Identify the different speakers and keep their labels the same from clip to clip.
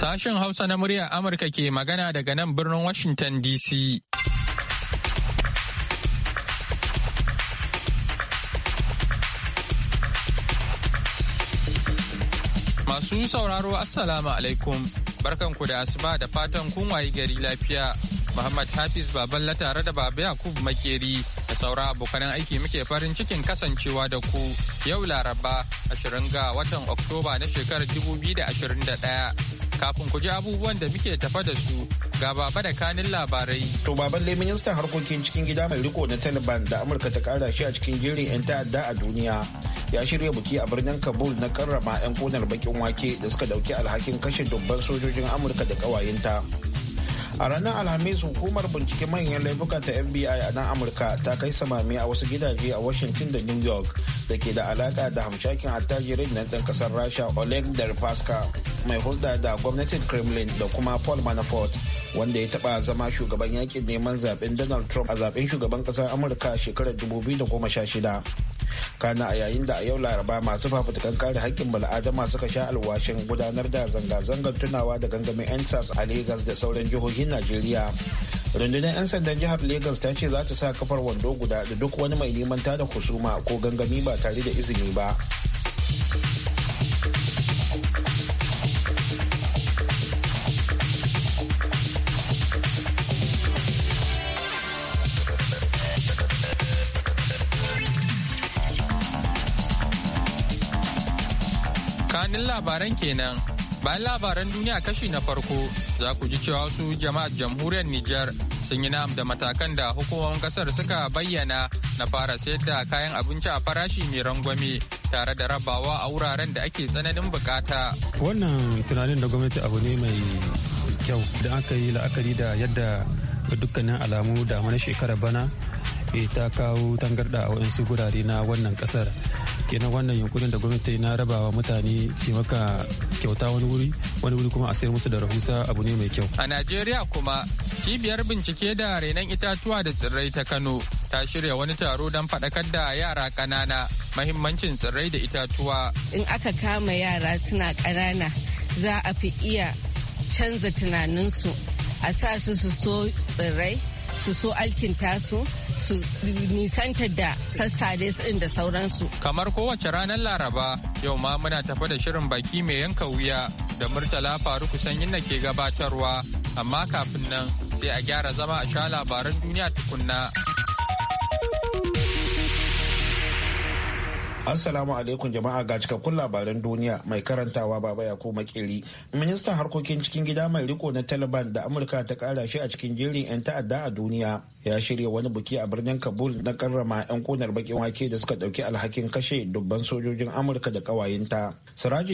Speaker 1: Sashen Hausa na muryar Amurka ke magana daga nan birnin Washington DC. Masu sauraro Assalamu alaikum, barkanku da asuba da fatan kun wayi gari lafiya. Muhammad Hafiz Baballa tare da Baba Yakub Makeri da saura abokanan aiki muke farin cikin kasancewa da ku yau Laraba 20 ga watan Oktoba na shekarar 2021. Kafin ku ji abubuwan da muke tafa da su ga baba da kanin labarai.
Speaker 2: To baban lai ministan harkokin cikin gida mai riko na Taliban da Amurka ta kara shi a cikin jerin 'yan ta'adda a duniya. Ya shirya buki a birnin Kabul na karrama 'yan konar bakin wake da suka dauki alhakin kashe dubban sojojin Amurka da kawayenta. a ranar alhamis hukumar bincike manyan laifuka ta fbi a nan amurka ta kai samami a wasu gidaje a washington da new york da ke da alaka da hamshakin attajirin na ɗan kasar rasha oleg deripaska mai hulɗa da gwamnatin kremlin da kuma paul manafort wanda ya taɓa zama shugaban yakin neman zaben donald trump a zaben shugaban ƙasar amurka shekarar 2016 kana a yayin da a yau laraba masu fafutukan kare haƙƙin bal'adama suka sha alwashin gudanar da zanga-zangar tunawa da gangamin ensas a lagos da sauran jihohin najeriya rundunar 'yan sandan jihar lagos ta ce za ta sa kafar wando guda da duk wani mai neman tada kusuma ko gangami ba tare da izini ba
Speaker 1: kanin labaran kenan Bayan labaran duniya kashi na farko za ku ji cewa su jama'ar jamhuriyar Nijar sun yi na'am da matakan da hukumomin kasar suka bayyana na fara sayar da kayan abinci a farashi mai rangwame tare da rabawa a wuraren da ake tsananin bukata.
Speaker 3: Wannan tunanin da gwamnati abu ne mai kyau da aka yi la'akari da yadda dukkanin alamu da mana shekarar bana eh, ta kawo tangarda a waɗansu gurare na wannan kasar kenan wannan yankunan da gwamnati na rabawa mutane ce maka kyauta wani wuri wani wuri kuma a sayar musu da rahusa abu ne mai kyau
Speaker 1: a najeriya kuma cibiyar bincike da renon itatuwa da tsirrai ta kano ta shirya wani taro don faɗakar da yara ƙanana mahimmancin tsirrai da itatuwa
Speaker 4: in aka kama yara suna ƙanana za a fi iya canza tunaninsu a sa su su so tsirrai su so alkinta su su nisantar da sassa din da sauransu.
Speaker 1: Kamar kowace ranar Laraba yau ma muna tafa da shirin baki mai yanka wuya da Murtala Faruku Sanyin na ke gabatarwa amma kafin nan sai a gyara zama a sha labaran duniya tukunna.
Speaker 2: Assalamu alaikum jama'a ga cikakkun labaran duniya mai karantawa baba ya koma kiri. Ministan harkokin cikin gida mai riko na Taliban da Amurka ta kara shi a cikin jerin 'yan ta'adda a duniya. ya shirya wani buki a birnin kabul na karrama 'yan kunar bakin wake da suka dauki alhakin kashe dubban sojojin amurka da kawayenta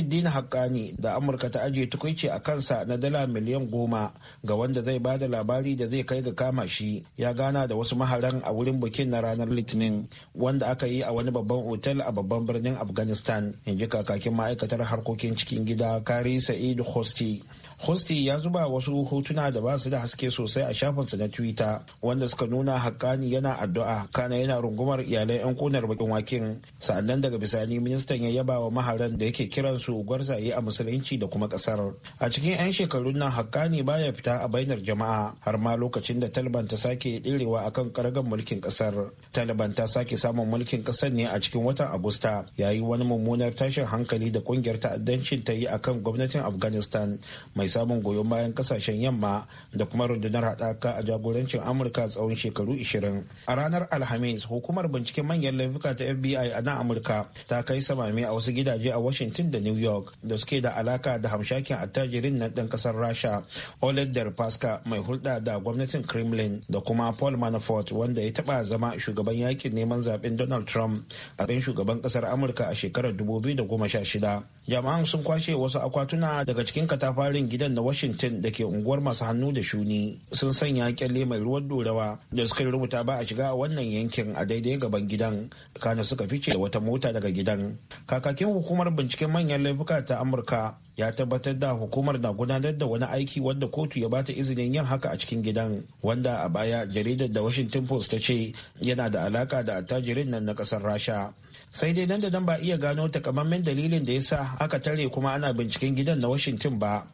Speaker 2: dina hakkani da amurka ta ajiye tukunci a kansa na dala miliyan goma ga wanda zai ba da labari da zai kai ga kama shi ya gana da wasu maharan a wurin bukin na ranar litinin wanda aka yi a wani babban otel a babban birnin afghanistan in ji kakakin ma'aikatar harkokin cikin gida kari sa'id hosti Hosti ya zuba wasu hotuna da ba su da haske sosai a shafinsa na Twitter wanda suka nuna Hakkani yana addu'a kana yana rungumar iyalai 'yan kunar bakin wakin. Sa'annan daga bisani ministan ya yaba wa maharan da yake kiran su gwarzaye a musulunci da kuma kasar. A cikin 'yan shekarun nan Hakkani baya fita a bainar jama'a har ma lokacin da Taliban ta sake ɗirewa akan karagar mulkin kasar. Taliban ta sake samun mulkin kasar ne a cikin watan Agusta yayi wani mummunar tashin hankali da kungiyar ta'addancin ta yi akan gwamnatin Afghanistan mai mai samun goyon bayan kasashen yamma da kuma rundunar haɗaka a jagorancin amurka tsawon shekaru 20 a ranar alhamis hukumar binciken manyan laifuka ta fbi a nan amurka ta kai samami a wasu gidaje a washington da new york da suke da alaka da hamshakin attajirin na ɗan ƙasar rasha oleg derpaska mai hulɗa da gwamnatin kremlin da kuma paul manafort wanda ya taɓa zama shugaban yakin neman zaben donald trump a shugaban ƙasar amurka a shekarar 2016 jama'an sun kwashe wasu akwatuna daga cikin katafarin gidan na washington da ke unguwar masu hannu da shuni sun sanya kyalle mai ruwan dorawa da suka rubuta ba a shiga a wannan yankin a daidai gaban gidan kana suka fice da wata mota daga gidan kakakin hukumar binciken manyan laifuka ta amurka ya tabbatar da hukumar na gudanar da wani aiki wanda kotu ya bata izinin yin haka a cikin gidan wanda a baya jaridar da washington post ta ce yana da alaka da attajirin nan na kasar rasha sai dai nan da nan ba iya gano takamaiman dalilin da ya sa aka tare kuma ana binciken gidan na washington ba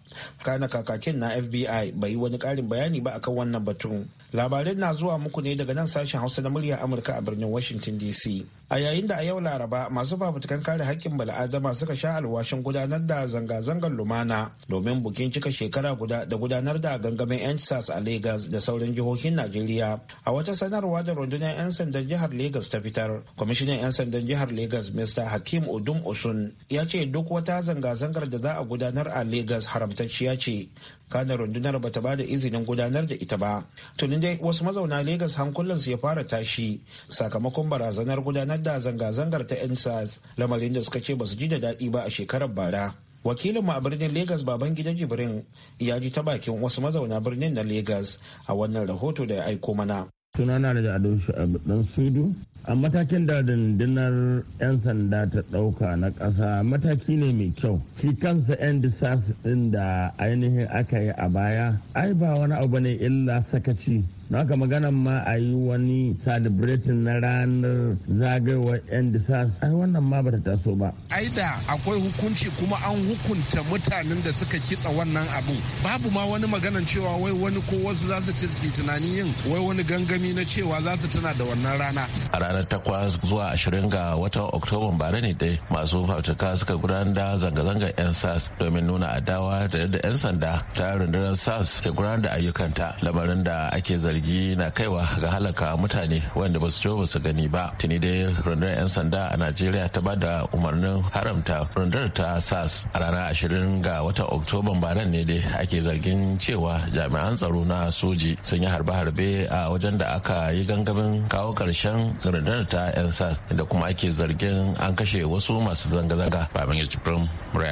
Speaker 2: kana kakakin na fbi bai yi wani karin bayani ba akan wannan batun labaran na zuwa muku ne daga nan sashen hausa na murya amurka a birnin washington dc a yayin da a yau laraba masu fafutukan kare hakkin bala'adama suka sha alwashin gudanar da zanga-zangar lumana domin bukin cika shekara guda da gudanar da gangamin 'yan sas a lagos da sauran jihohin najeriya a wata sanarwa da rundunar 'yan sandan jihar lagos ta fitar kwamishinan 'yan sandan jihar lagos mr hakim udum usun ya ce duk wata zanga-zangar da za a gudanar a lagos haramtacciya ce kanar rundunar bata ba da izinin gudanar da ita ba tuni dai wasu mazauna legas hankulansu ya fara tashi sakamakon barazanar gudanar da zanga-zangar ta ensas lamarin da suka ce basu ji da daɗi ba a shekarar bara wakilin mu a birnin legas baban gidan jibrin ya ji ta bakin wasu mazauna birnin na legas a wannan rahoto da ya aiko mana
Speaker 5: sunana da ado a dan sudu a matakin da dundunar 'yan sanda ta ɗauka na ƙasa mataki ne mai kyau shi kansa 'yan disas
Speaker 6: ɗin da ainihin aka yi a baya ai ba wani abu ne illa sakaci na haka maganan ma a yi wani celebrating na ranar zagayowar yan disas ai wannan ma bata taso ba
Speaker 5: ai da akwai hukunci kuma an hukunta mutanen da suka kitsa wannan abu babu ma wani maganan cewa wai wani ko wasu za su ci tunanin yin wai wani gangami na cewa za su tuna da wannan rana a ranar takwas zuwa ashirin ga watan oktoban bara ne dai masu fafutuka suka gudanar da zanga-zangar yan sas domin nuna adawa da yadda yan sanda ta rundunar sas ke gudanar da ayyukanta lamarin da ake zargi zargi na kaiwa ga halaka mutane wanda ba su ba su gani ba tuni dai rundunar 'yan sanda a najeriya ta ba da umarnin haramta rundunar ta sas a ranar 20 ga watan oktoban baran ne dai ake zargin cewa jami'an tsaro na soji sun yi harbe-harbe a wajen da aka yi gangamin kawo karshen rundunar ta 'yan sas da kuma ake zargin an kashe wasu masu zanga-zanga babin ya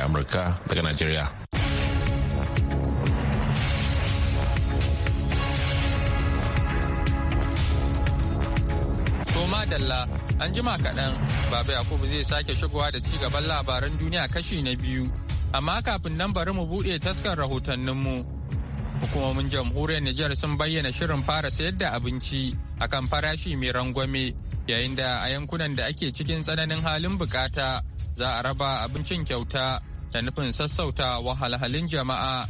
Speaker 5: amurka daga najeriya
Speaker 1: an jima kaɗan baba yakubu zai sake shigowa da ci gaban labaran duniya kashi na biyu amma kafin nan bari mu buɗe taskar mu. hukumomin jamhuriyar nijar sun bayyana shirin fara sayar da abinci akan farashi mai rangwame yayin da a yankunan da ake cikin tsananin halin bukata za a raba abincin kyauta da nufin sassauta wahalhalin jama'a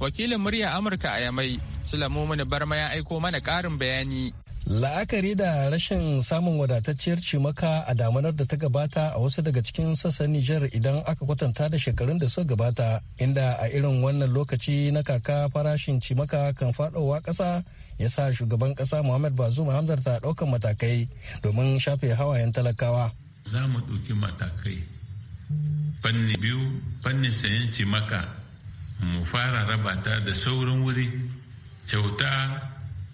Speaker 1: wakilin murya amurka a yamai sulamu mini barma ya aiko mana ƙarin bayani
Speaker 7: La'akari da rashin samun wadatacciyar cimaka a damanar da ta gabata a wasu daga cikin sassan Nijar idan aka kwatanta da shekarun da suka gabata, inda a irin wannan lokaci na kaka farashin cimaka kan fadowa kasa ya sa shugaban kasa Muhammad Bazoum Hamzar ta daukan matakai domin shafe hawayen talakawa.
Speaker 8: Za mu ɗauki matakai fanni biyu fanni sayan cimaka mu fara rabata da saurin wuri kyauta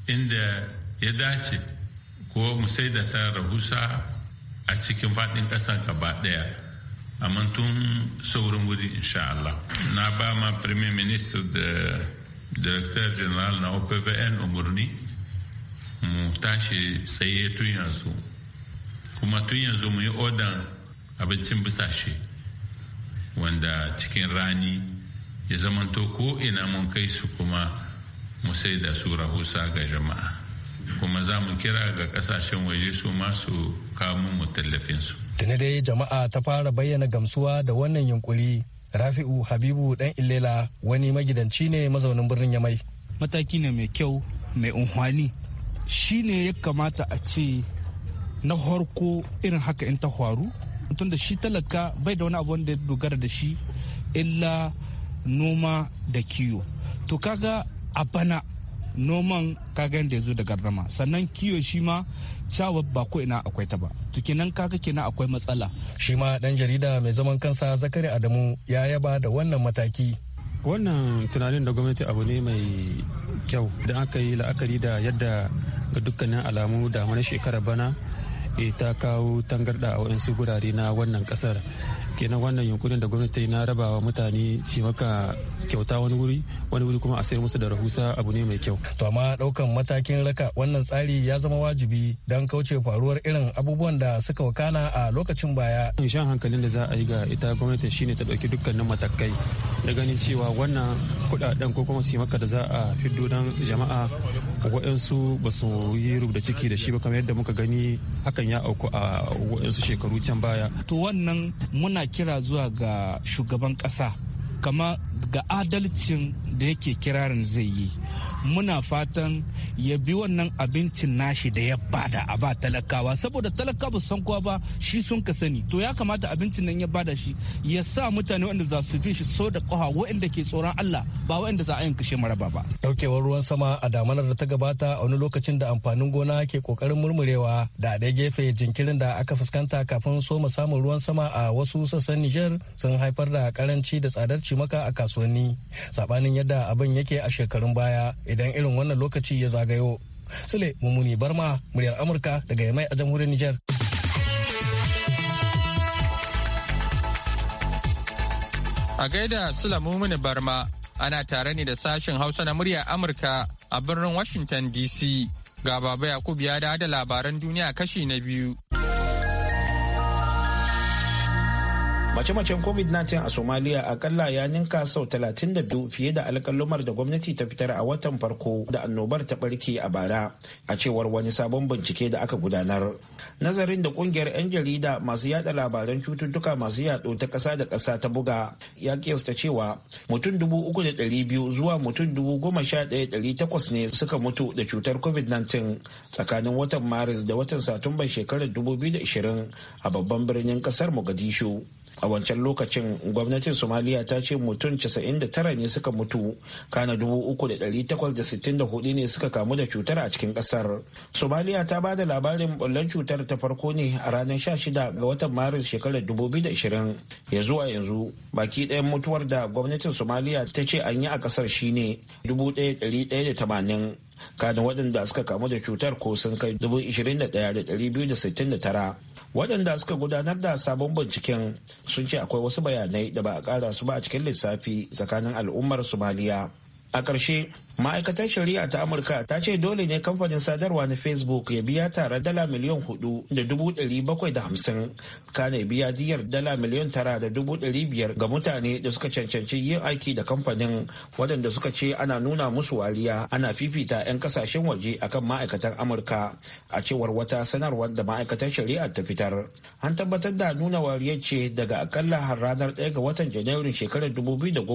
Speaker 8: inda ya dace ko mu sai da ta rahusa a cikin faɗin ƙasan gaba ɗaya amma tun saurin wuri insha Allah na ba ma premier minister da director general na OPVN umarni mu tashi tsaye tun yanzu kuma tun yanzu mu yi odan abincin bisashe wanda cikin rani ya zamanto ko ina mun kai su kuma mu sai da su rahusa ga jama'a kuma za mu kira ga kasashen waje su masu kamun mu tallafinsu.
Speaker 7: Tuni dai jama'a ta fara bayyana gamsuwa da wannan yunkuri. Rafi'u Habibu dan Ilela wani magidanci ne mazaunin birnin Yamai. Mataki ne mai kyau mai unhwani shi ne ya kamata a ce na harko irin haka in ta faru tunda shi talaka bai da wani abu da ya dogara da shi illa noma da kiwo to kaga a bana noman kagan da ya zo da gardama sannan kiyo shi ma cawa ba ko ina akwai ta ba to kenan kaga kenan akwai matsala shi ma dan jarida mai zaman kansa zakari adamu ya yaba da wannan mataki
Speaker 3: wannan tunanin da gwamnati abu ne mai kyau da aka yi la'akari da yadda ga dukkanin alamu da mana shekara bana eh, ta kawo tangarda a waɗansu gurare na wannan kasar. kenan wannan yunkurin da gwamnati ta yi na rabawa mutane ce maka kyauta wani wuri wani wuri kuma a sayar musu da rahusa abu ne mai kyau
Speaker 7: to amma daukan matakin raka wannan tsari ya zama wajibi don kauce faruwar irin abubuwan da suka wakana a lokacin
Speaker 3: baya shan hankalin da za a yi ga ita gwamnati shine ta dauki dukkanin matakai da ganin cewa wannan kudaden ko kuma ce maka da za a fiddo don jama'a waɗansu ba su yi rubda ciki da shi ba kamar yadda muka gani hakan ya auku a waɗansu shekaru can baya
Speaker 7: to wannan muna kira zuwa ga shugaban kasa kama ga adalcin da yake kirarin zai yi muna fatan ya bi wannan abincin nashi da ya bada a ba talakawa saboda talakawa san kowa ba shi sun ka sani to ya kamata abincin nan ya bada shi ya sa mutane wanda za su bi shi so da kwa waɗanda ke tsoron Allah ba waɗanda za a yin kashe maraba ba. Daukewar ruwan sama a damanar da ta gabata a wani lokacin da amfanin gona ke kokarin murmurewa da ɗaya gefe jinkirin da aka fuskanta kafin soma samun ruwan sama a wasu sassan Nijar sun haifar da karanci da tsadar cimaka a kasuwanni. Sabanin yadda abin yake a shekarun baya idan irin wannan lokaci ya zagayo sule mummuni barma muryar amurka daga yamai a jamhuriyar niger
Speaker 1: a gaida sule mummuni barma ana tare ne da sashen hausa na muryar amurka a birnin washington dc ga baba Yakubu ya da labaran duniya kashi na biyu
Speaker 2: mace-macen covid-19 a somaliya akalla ya ninka sau 32 fiye da alkalumar da gwamnati ta fitar a watan farko da annobar ta barke a bara a cewar wani sabon bincike da aka gudanar nazarin da kungiyar 'yan jarida masu yada labaran cututtuka masu yado ta ƙasa da ƙasa ta buga ya kiyasta cewa mutum 3,200 zuwa mutum sha 11,800 ne suka mutu da cutar covid-19 tsakanin watan maris da watan Satumbar shekarar 2020 a babban birnin ƙasar mogadishu a wancan lokacin gwamnatin somaliya ta ce mutum 99 ne suka mutu kana 3,864 ne suka kamu da cutar a cikin kasar somaliya ta ba da labarin bullon cutar ta farko ne a ranar 16 ga watan maris shekarar 2020 ya zuwa yanzu baki ɗayan mutuwar da gwamnatin somaliya ta ce an yi a kasar shine 1,180 kanin waɗanda suka kamu da cutar ko sun kai 21,269 waɗanda suka gudanar da sabon binciken sun ce akwai wasu bayanai da ba a ƙara su ba a cikin lissafi tsakanin al'ummar somaliya a ƙarshe ma'aikatar shari'a ta amurka ta ce dole ne kamfanin sadarwa na facebook ya biya tara dala miliyan hudu da dubu dari bakwai da hamsin kane biya diyar dala miliyan tara da dubu dari biyar ga mutane da suka cancanci yin aiki da kamfanin waɗanda suka ce ana nuna musu wariya ana fifita 'yan kasashen waje akan ma'aikatan amurka a cewar wata sanarwar da ma'aikatar shari'a ta fitar an tabbatar da nuna wariyar ce daga akalla har ranar 1 ga watan janairun shekarar 2018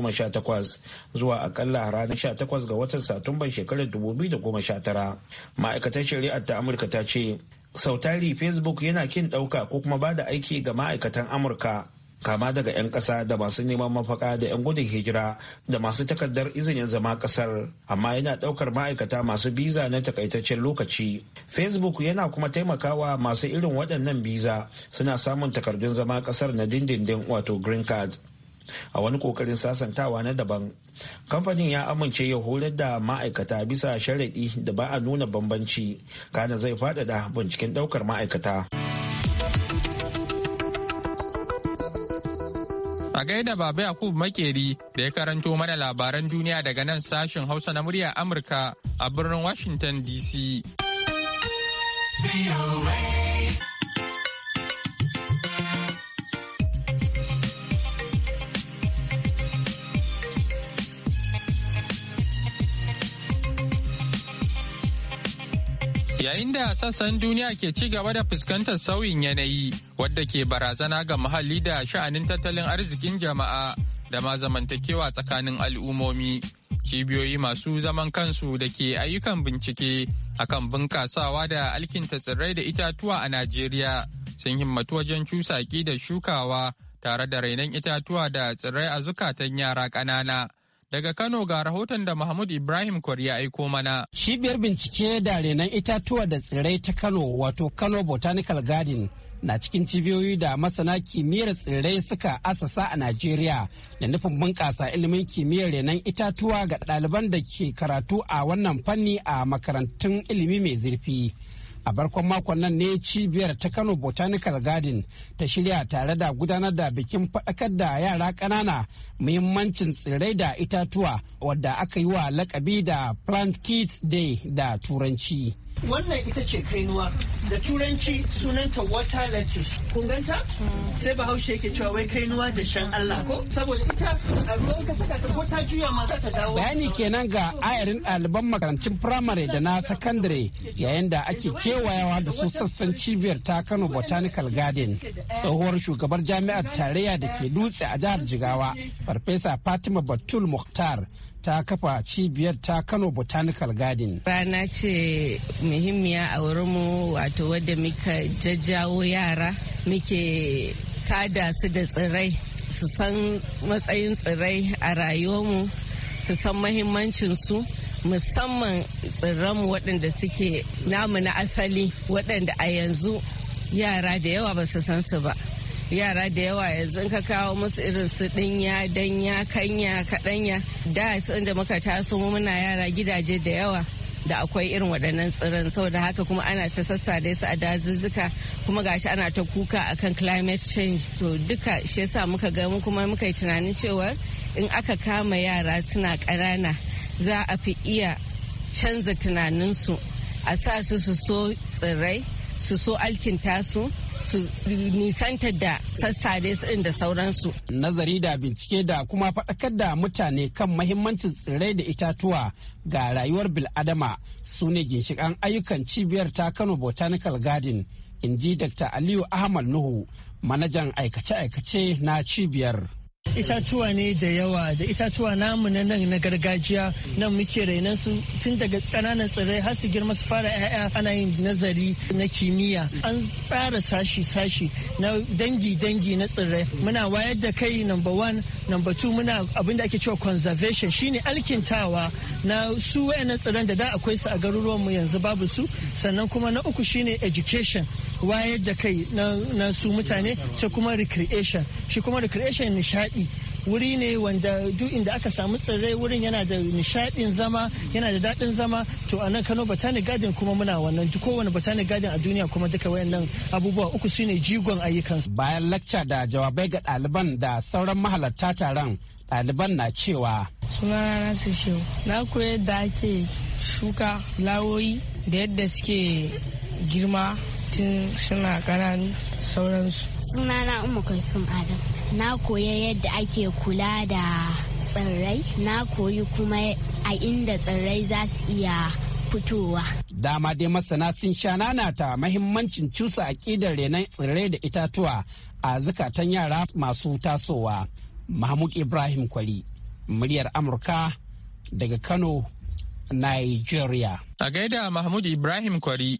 Speaker 2: zuwa akalla ranar 18 ga watan watan satumban shekarar 2019 ma'aikatar shari'ar ta amurka ta ce sautari facebook yana kin ɗauka ko kuma ba da aiki ga ma'aikatan amurka kama daga 'yan ƙasa da masu neman mafaka da 'yan gudun hijira da masu takardar izinin zama ƙasar amma yana ɗaukar ma'aikata masu biza na takaitaccen lokaci facebook yana kuma taimakawa masu irin waɗannan biza suna samun takardun zama ƙasar na dindindin wato green card a wani kokarin sasantawa na daban kamfanin ya amince ya horar da ma'aikata bisa sharaɗi da ba a nuna bambanci kana zai faɗaɗa binciken ɗaukar ma'aikata
Speaker 1: a gaida baba yakub makeri da ya karanto mana labaran duniya daga nan sashen hausa na murya amurka a birnin washington dc Yayin da sassan duniya ke ci gaba da fuskantar sauyin yanayi wadda ke barazana ga muhalli da sha'anin tattalin arzikin jama'a da ma zamantakewa tsakanin al'ummomi. Cibiyoyi masu zaman kansu da ke ayyukan bincike akan bunkasawa da alkinta tsirrai da itatuwa a Najeriya sun himmatu wajen cusaki da shukawa tare da rainon itatuwa da tsirrai a zukatan yara ƙanana. Daga Kano ga rahoton da Mahmud Ibrahim Kwari ya aiko mana.
Speaker 9: Cibiyar bincike da renon itatuwa da tsirrai ta Kano wato Kano Botanical Garden na cikin cibiyoyi da masana kimiyyar tsirrai suka asasa a Najeriya da nufin bunƙasa ilimin kimiyyar renon itatuwa ga ɗaliban da ke karatu a wannan fanni a makarantun ilimi mai zurfi. a barkon makon nan ne cibiyar ta kano botanical garden ta shirya tare da gudanar da bikin faɗakar da yara ƙanana muhimmancin tsirrai da itatuwa wadda aka yi wa lakabi da plant kids day da turanci
Speaker 10: wannan ita ce kainuwa da turanci sunanta water lettuce kun ganta sai bahaushe yake cewa wai kainuwa da shan Allah ko saboda ita a ruwan ka saka ta ko ta juya ma za ta dawo bayani
Speaker 9: kenan ga ayarin ɗaliban makarantun Primary da na Secondary yayin da ake kewayawa da su sassan cibiyar ta Kano Botanical Garden tsohuwar shugabar jami'ar tarayya da ke dutse a jihar Jigawa farfesa Fatima Batul Mukhtar ta kafa cibiyar ta Kano Botanical Garden.
Speaker 4: Rana ce muhimmiya a wurinmu wato wadda muka jajjawo yara muke sada su da tsirrai su san matsayin tsirrai a rayuwarmu su san mahimmancinsu musamman tsirranmu waɗanda suke namu na asali waɗanda a yanzu yara da yawa ba su san su ba. yara da yawa yanzu ka kawo musu irin su dinya danya kanya kadanya da da muka taso muna yara gidaje da yawa da akwai irin waɗannan tsirin saboda haka kuma ana ta sassa da su a dazuzzuka kuma gashi ana ta kuka akan climate change to duka shi yasa muka ga kuma muka yi tunanin cewa in aka kama yara suna ƙanana za a fi iya canza tunaninsu a sa su su so tsirrai su so alkinta su su nisanta da sassare din da sauransu.
Speaker 9: Nazari da bincike da kuma faɗakar da mutane kan mahimmancin tsirrai da itatuwa ga rayuwar bil'adama su ne ginshiƙan ayyukan cibiyar ta Kano Botanical Garden in ji Dr. Aliyu Ahmad Nuhu, manajan aikace-aikace na cibiyar.
Speaker 10: itatuwa ne da yawa da itatuwa namu na nan na gargajiya nan muke rainan su tun daga kananan tsirrai har su girma su fara 'ya'ya ana yin nazari na kimiyya an tsara sashi-sashi na dangi-dangi na tsirrai muna wayar da kai number one number two muna abin da ake cewa conservation shine alkintawa na su wayannan tsirran da da akwai su a garuruwanmu yanzu babu su sannan kuma na uku shine education wayar da kai na su mutane sai kuma recreation shi kuma recreation nishadi wuri ne wanda duk inda aka samu tsirrai wurin yana da nishadin zama yana da daɗin zama to a nan kano botanic garden kuma muna wannan duk kowane botanic garden a duniya kuma duka wayannan abubuwa uku su ne jigon ayyukan bayan lacca
Speaker 9: da jawabai ga ɗaliban da sauran mahalarta taron ɗaliban na cewa
Speaker 4: sunana na su na koyar da ake shuka lawoyi da yadda suke girma tun suna ƙananu sauransu. Sunana
Speaker 9: Umma Kulsum Adam. Na koya yadda ake kula da tsirrai, na koyi kuma a inda tsirrai za su iya fitowa. Dama dai masana sun sha ta mahimmancin cusa aƙidar renon tsirrai da itatuwa a zukatan yara masu tasowa. Mahmud Ibrahim Kwari, muryar Amurka daga Kano, Nigeria.
Speaker 1: A gaida Mahmud Ibrahim Kwari.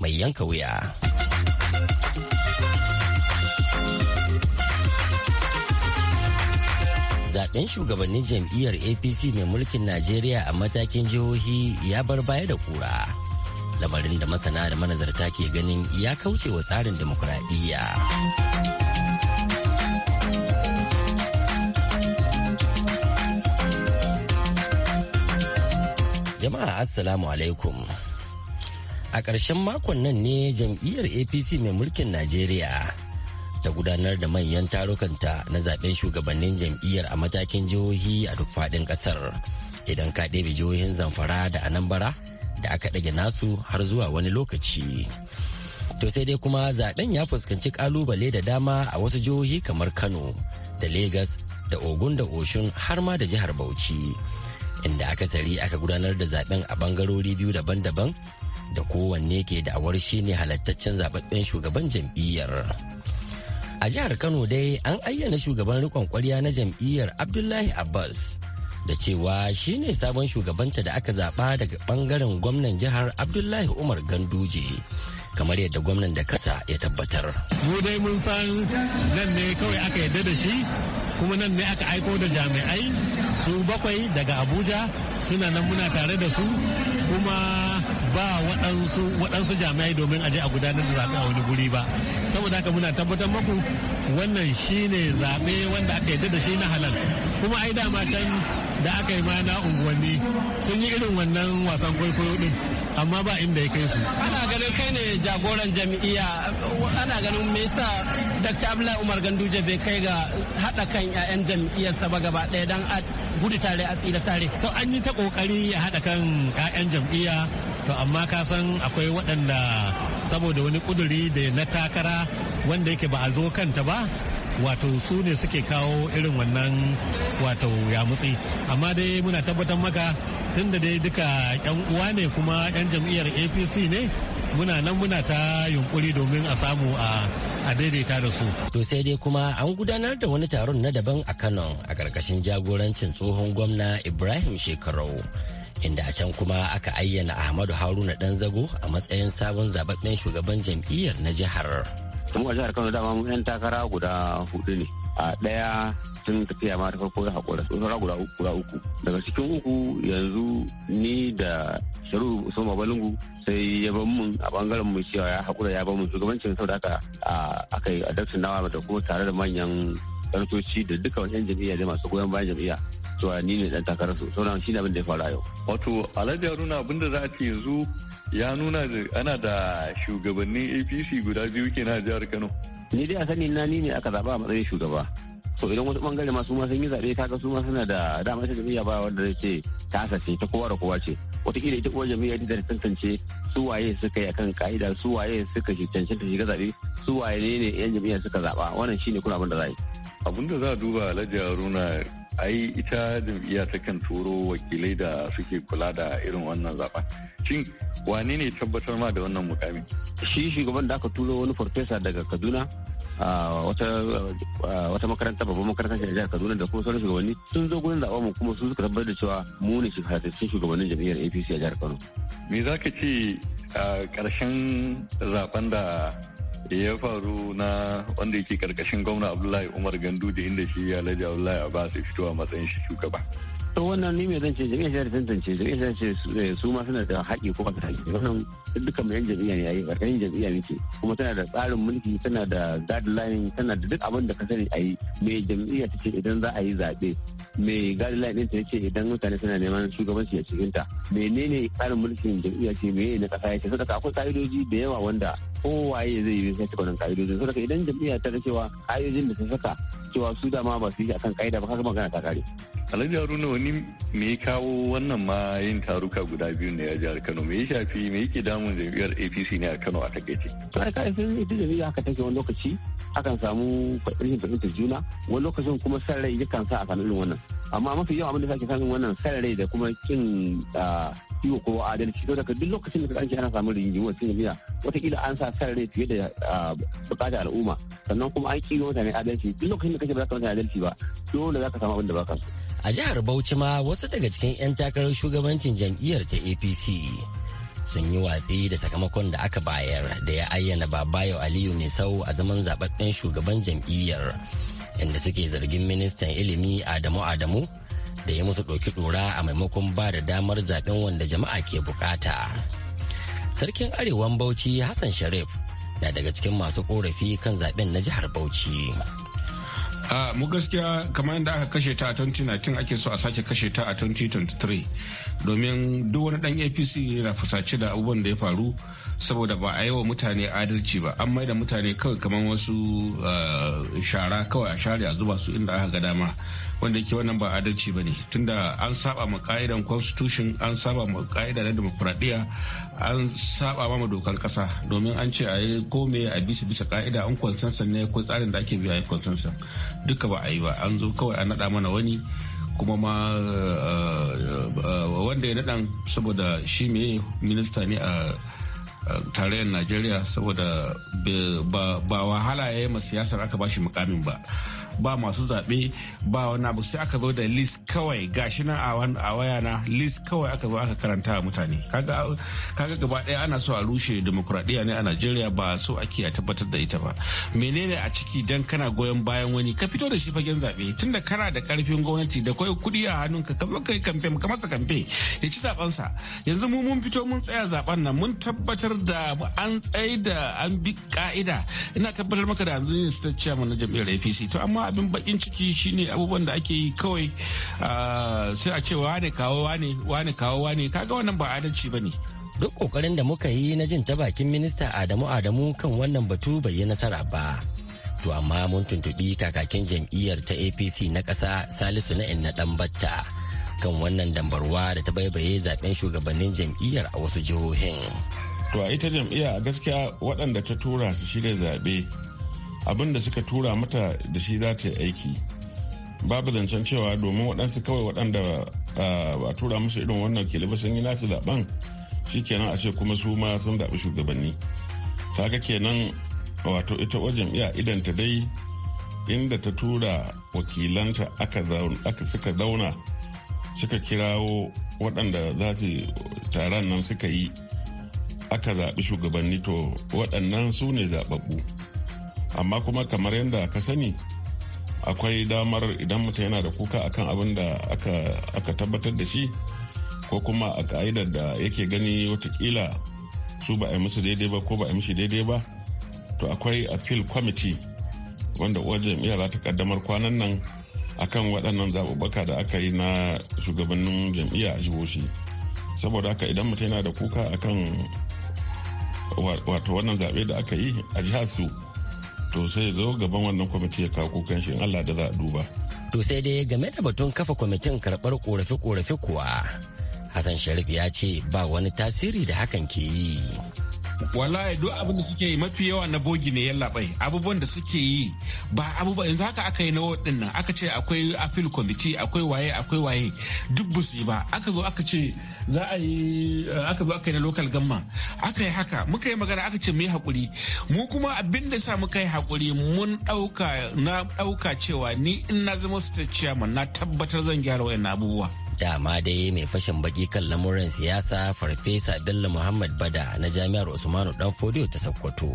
Speaker 6: mai yanka wuya. Zaɓen shugabannin jam'iyyar apc mai mulkin najeriya a matakin jihohi ya bar baya da kura lamarin da masana da manazarta ke ganin ya kauce wa tsarin demokuraɗiyya. jama'a assalamu alaikum a ƙarshen makon nan ne jam'iyyar apc mai mulkin najeriya ta gudanar da manyan tarukanta na zaben shugabannin jam'iyyar a matakin jihohi a duk faɗin ƙasar idan ka ɗebe jihohin zamfara da anambra da aka ɗage nasu har zuwa wani lokaci to sai dai kuma zaben ya fuskanci ƙalubale da dama a wasu jihohi kamar kano da Legas da ogun da oshun har ma da jihar bauchi inda aka akasari aka gudanar da zaben a bangarori biyu daban-daban da kowanne ke da'awar shi ne halattaccen zababben shugaban jam'iyyar. A jihar Kano dai an ayyana shugaban rikon kwarya na jam'iyyar Abdullahi Abbas da cewa shi ne sabon shugabanta da aka zaɓa daga ɓangaren gwamnan jihar Abdullahi Umar Ganduje. kamar yadda gwamnan da kasa ya tabbatar.
Speaker 7: Mu dai mun san nan ne kawai aka yadda da shi kuma nan ne aka aiko da jami'ai su bakwai daga Abuja suna nan muna tare da su kuma ba waɗansu waɗansu jami'ai domin aje a gudanar da zaɓe a wani guri ba saboda haka muna tabbatar maku wannan shine zaɓe wanda aka yarda da shi na halal kuma ai dama can da aka yi ma na unguwanni
Speaker 9: sun yi irin wannan wasan kwaikwayo din amma ba inda ya kai su. Ana ganin kai ne jagoran jami'a ana ganin me yasa Dr. Abdullahi Umar Ganduje bai kai ga haɗa kan 'ya'yan jam'iyyarsa ba gaba ɗaya don a gudu tare a tsira tare. To an yi
Speaker 6: ta ƙoƙari ya haɗa kan 'ya'yan jam'iyya to amma ka san akwai waɗanda
Speaker 7: saboda wani kuduri da na takara wanda yake ba a zo kanta ba wato su ne suke kawo irin wannan wato ya yamutsi amma dai muna tabbatar maka tunda dai duka yan uwa ne kuma yan jam'iyyar apc ne muna nan muna
Speaker 6: ta yunkuri domin a samu a a daidaita da su. To sai dai kuma an gudanar da wani taron na daban a Kano a karkashin jagorancin tsohon gwamna Ibrahim Shekarau. inda a can kuma aka ayyana ahmadu haruna dan zago a matsayin sabon zababben
Speaker 11: shugaban jam'iyyar na jihar kuma a jihar kano dama yan takara guda hudu ne a daya tun tafiya ma ta farko ya haƙura guda uku uku daga cikin uku yanzu ni da shiru usman babalungu sai ya ban mun a bangaren mu cewa ya haƙura ya ban mun shugabancin saboda haka aka yi adaptin nawa da kuma tare da manyan kartoci da duka wajen jam'iyya da masu goyon bayan jam'iyya cewa ni ne dan takarar su sauran shi ne abin da ya faru yau wato alhaji haruna abin da za a ce yanzu ya nuna da ana da shugabannin apc guda biyu ke na jihar kano ni dai a sani na ni ne aka zaba a matsayin shugaba so idan wasu bangare masu ma sun yi zaɓe kaga su ma suna da dama ta jami'a ba wanda zai ce ta sace ta kowa da kowa ce wataƙila ita uwar jami'a ita da tantance su waye suka yi akan ka'ida su waye suka cancanta shiga zaɓe su waye ne ne yan jami'a suka zaɓa wannan shine kuna abin da za yi. abin da za a duba alhaji haruna ai ita jam'iyya kan turo wakilai da suke kula da irin wannan zaben shin wane ne tabbatar ma da wannan mukami shi shugaban da aka turo wani farfesa daga kaduna wata makaranta babban makaranta ke jihar kaduna da kuma sauran shugabanni sun zo gurin zaɓen mu kuma sun suka tabbatar da cewa mu ne sun shugabannin jam'iyyar apc a jihar kano me za ka ce a ƙarshen zaben da da ya faru na wanda yake karkashin gwamna abdullahi umar gandu da inda shi ya alhaji abdullahi abbas ya fito a matsayin shi shugaba to wannan ni me zan ce jami'a shari'a tantance jami'a shari'a eh, su ma suna da haƙi ko ba da haƙi wannan dukkan mai jami'a ne yayi barkanin jami'a ne ke kuma tana da tsarin mulki tana da guideline tana da duk abin da ka sani ayi mai jami'a ta ce idan za a yi zaɓe me guideline ɗin ta ce idan mutane suna neman shugabanci a cikin ta menene tsarin mulkin jami'a ce me na ƙasa ya ce saboda akwai ƙa'idoji da yawa wanda kowaye zai yi sace tukunan ka'idojin so daga idan jami'a ta cewa ka'idojin da ta saka cewa su da ma ba su yi akan ka'ida ba kaga magana ta kare Alhaji Haruna wani me ya kawo wannan ma yin taruka guda biyu ne a jihar Kano me ya shafi me yake damun jami'ar APC ne a Kano a takaice. To ai kai sun ita jami'a haka take wani lokaci akan samu rashin fahimtar juna wani lokacin kuma san rai yakan sa a samu wannan amma mafi yawa abin da sake samun wannan san rai da kuma kin yi ah, kowa adalci to daga duk lokacin da ka an ana samun rigingimu a cikin jami'a wataƙila an sa ana rai fiye da ah, bukatar al'umma sannan kuma an kiwo mutane adalci duk lokacin da kake ba za ka mutane adalci ba dole za ka samu abin da ba ka so.
Speaker 6: a jihar bauchi ma wasu daga cikin 'yan takarar shugabancin jam'iyyar ta apc sun yi watsi da sakamakon da aka bayar da ya ayyana babayo aliyu sau a zaman zababben shugaban jam'iyyar inda suke zargin ministan ilimi adamu adamu da ya musu ɗauki ɗora a maimakon ba da damar zaben wanda jama'a ke bukata. sarkin arewan bauchi hassan sharif na daga cikin masu korafi kan zaben na jihar bauchi
Speaker 5: a mu gaskiya kamar yadda aka kashe ta a 2019 ake so a sake kashe ta a 2023 domin duk wani dan apc yana fusace da abubuwan da ya faru saboda ba a yi wa mutane adalci ba an mai da mutane kawai kamar wasu shara kawai a share a zuba su inda aka ga dama wanda ke wannan ba adalci ba ne tunda an saba ma ka'idan constitution an saba ma ka'ida na demokuraɗiyya an saba ma dokan kasa domin an ce a yi kome a bisa bisa ka'ida an consensus ne ko tsarin da ake biya a yi consensus duka ba a yi ba an zo kawai a naɗa mana wani kuma ma eh, eh, eh, wanda ya naɗa saboda shi me minista ne a tarayyar najeriya saboda ba wahala ya yi siyasar aka bashi mukamin ba ba masu zaɓe ba wani abu sai aka zo da list kawai gashi na a waya na list kawai aka zo aka karanta wa mutane kaga gaba ɗaya ana so a rushe demokuraɗiyya ne a najeriya ba so ake a tabbatar da ita ba menene a ciki dan kana goyon bayan wani ka fito da shi fagen zaɓe tunda kana da karfin gwamnati da kai kuɗi a hannunka ka zo kai kamfe ka masa kamfe ya ci zaɓensa yanzu mu mun fito mun tsaya zaɓen nan mun tabbatar da an tsaye da an bi ka'ida ina tabbatar maka da yanzu ne su ta ciyaman na jam'iyyar apc to amma kuma abin bakin ciki shine abubuwan da ake yi kawai sai a ce wane kawo wane wane kawo wane kaga wannan ba adalci ba ne
Speaker 6: duk kokarin da muka yi na jin ta bakin minista adamu adamu kan wannan batu bai yi nasara ba to amma mun tuntuɓi kakakin jam'iyyar ta apc na ƙasa salisu na inna dan batta kan wannan dambarwa da ta
Speaker 8: baibaye zaben shugabannin jam'iyyar a wasu jihohin to a ita jam'iyya gaskiya waɗanda ta tura su shirya zaɓe abin da suka tura mata da shi za ta yi aiki babu zancen cewa domin waɗansu kawai waɗanda ba tura musu irin wannan kiliba sun yi nasu shi kenan a ce kuma su ma sun zaɓi shugabanni kaga kenan wato ita wajen iya idanta dai inda ta tura wakilanta aka suka zauna suka kirawo waɗanda za su taron nan suka yi aka zaɓi shugabanni to waɗannan su ne zaɓaɓɓu. amma kuma kamar yadda ka sani akwai damar idan mutum yana da kuka akan abin da aka tabbatar da shi ko kuma a ka'idar da yake gani watakila su ba a yi musu daidai ba ko ba a yi mishi daidai ba to akwai appeal committee wanda uwar jam'iyyar za ta kaddamar kwanan nan akan waɗannan zaɓuɓɓuka da aka yi na shugabannin jam'iyya a shi saboda haka idan mutum yana da kuka akan wato wannan zaɓe da aka yi a jihar su to sai zo gaban wannan kwamiti ya kawo kukan shi Allah da za a duba. To sai dai game da batun kafa kwamitin karɓar korafe-korafe kuwa
Speaker 6: Hassan Sharif ya ce ba wani tasiri da hakan ke yi.
Speaker 5: wallahi duk abin da suke yi mafi yawa na bogi ne yalla bai abubuwan da suke yi ba abubuwa yanzu haka aka yi na wadin nan aka ce akwai appeal committee akwai waye akwai waye duk ba su yi ba aka zo aka ce za a yi eh, aka zo aka yi na local gamma aka yi haka muka yi magana aka ce mu yi hakuri mu kuma abin da sa muka yi hakuri mun dauka na ɗauka cewa ni in na zama state chairman na tabbatar zan gyara wayannan abubuwa dama dai mai fashin
Speaker 6: baki kan lamuran siyasa farfesa bello muhammad bada na jami'ar usmanu dan fodiyo ta sokoto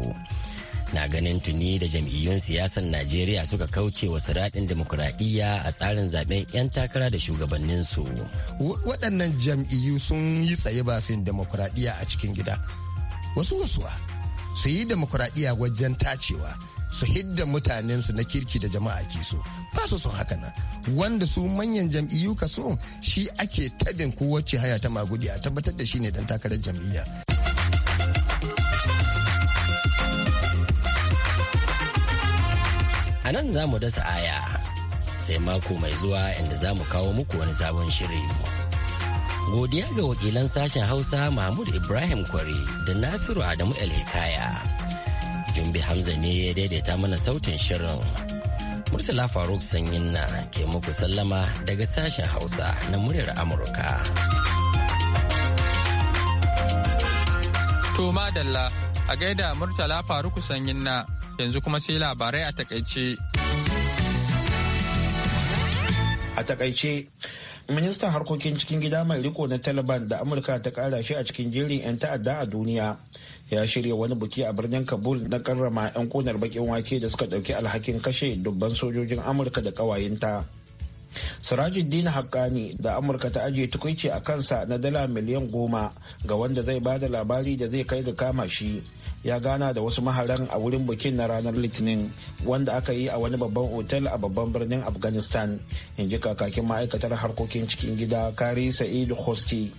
Speaker 6: na ganin tuni da jam'iyyun siyasar najeriya suka kauce wa siraɗin demokuraɗiyya a tsarin zaben 'yan takara da shugabanninsu waɗannan jam'iyyu sun yi tsaye bafin demokuraɗiyya a cikin gida wasu wasuwa su yi demokuraɗiyya wajen tacewa su hidda mutanensu na kirki da jama'a ke so ba su son haka na wanda su manyan jam'iyyu ka so shi ake tabin kowace haya ta magudi a tabbatar da shi ne dan takarar jam'iyya a nan za mu dasa aya sai mako mai zuwa inda za mu kawo muku wani sabon shiri Godiya ga wakilan sashen Hausa Mahmud Ibrahim Kwari da Nasiru Adamu El Elhikaya. Jumbi Hamza ne ya daidaita mana sautin shirin. Murtala Faruk Sanyin na ke muku sallama daga sashen Hausa na muryar Amurka.
Speaker 1: To madalla a gaida Murtala Faruk Sanyin na yanzu kuma sai labarai a takaice. a takaice
Speaker 2: ministan harkokin cikin gida mai riko na taliban da amurka ta kara shi a cikin jerin 'yan ta'adda a duniya ya shirya wani buki a birnin kabul na karrama 'yan konar bakin wake da suka dauki alhakin kashe dubban sojojin amurka da kawayenta Sirajuddin Hakkani da Amurka ta ajiye tukunci a kansa na dala miliyan goma ga wanda zai ba da labari da zai kai ga kama shi ya gana da wasu maharan a wurin bikin na ranar Litinin wanda aka yi a wani babban otal a babban birnin Afghanistan, in ji kakakin ma'aikatar harkokin cikin gida Kari Sa'id Hosti.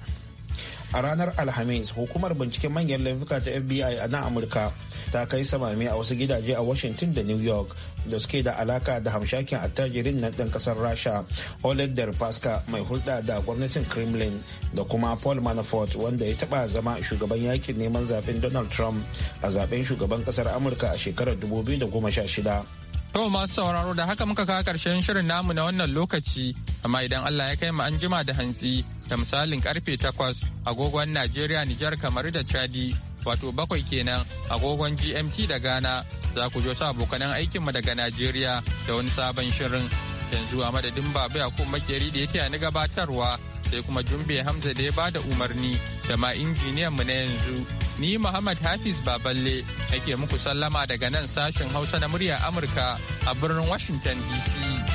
Speaker 2: a ranar alhamis hukumar binciken manyan laifuka ta fbi a nan amurka ta kai samami a wasu gidaje a washington da new york da suke da alaka da hamshakin attajirin na ɗan ƙasar rasha oleg derpaska mai hulɗa da gwamnatin kremlin da kuma paul manafort wanda ya taɓa zama shugaban yakin neman zaben donald trump a zaben shugaban ƙasar amurka a shekarar 2016
Speaker 1: To masu sauraro da haka muka kawo karshen shirin namu na wannan lokaci, amma idan Allah ya kai mu an jima da hantsi da misalin karfe takwas agogon Najeriya Nijar kamar da Chadi wato bakwai kenan agogon GMT da Ghana za ku jo sa abokanan aikinmu daga Najeriya da wani sabon shirin yanzu a madadin babu ya kuma makeri da ya na ni gabatarwa sai kuma Jumbe Hamza da ya bada umarni da ma injiniyan mu na yanzu ni Muhammad Hafiz Baballe nake muku sallama daga nan sashen Hausa na muryar Amurka a birnin Washington DC.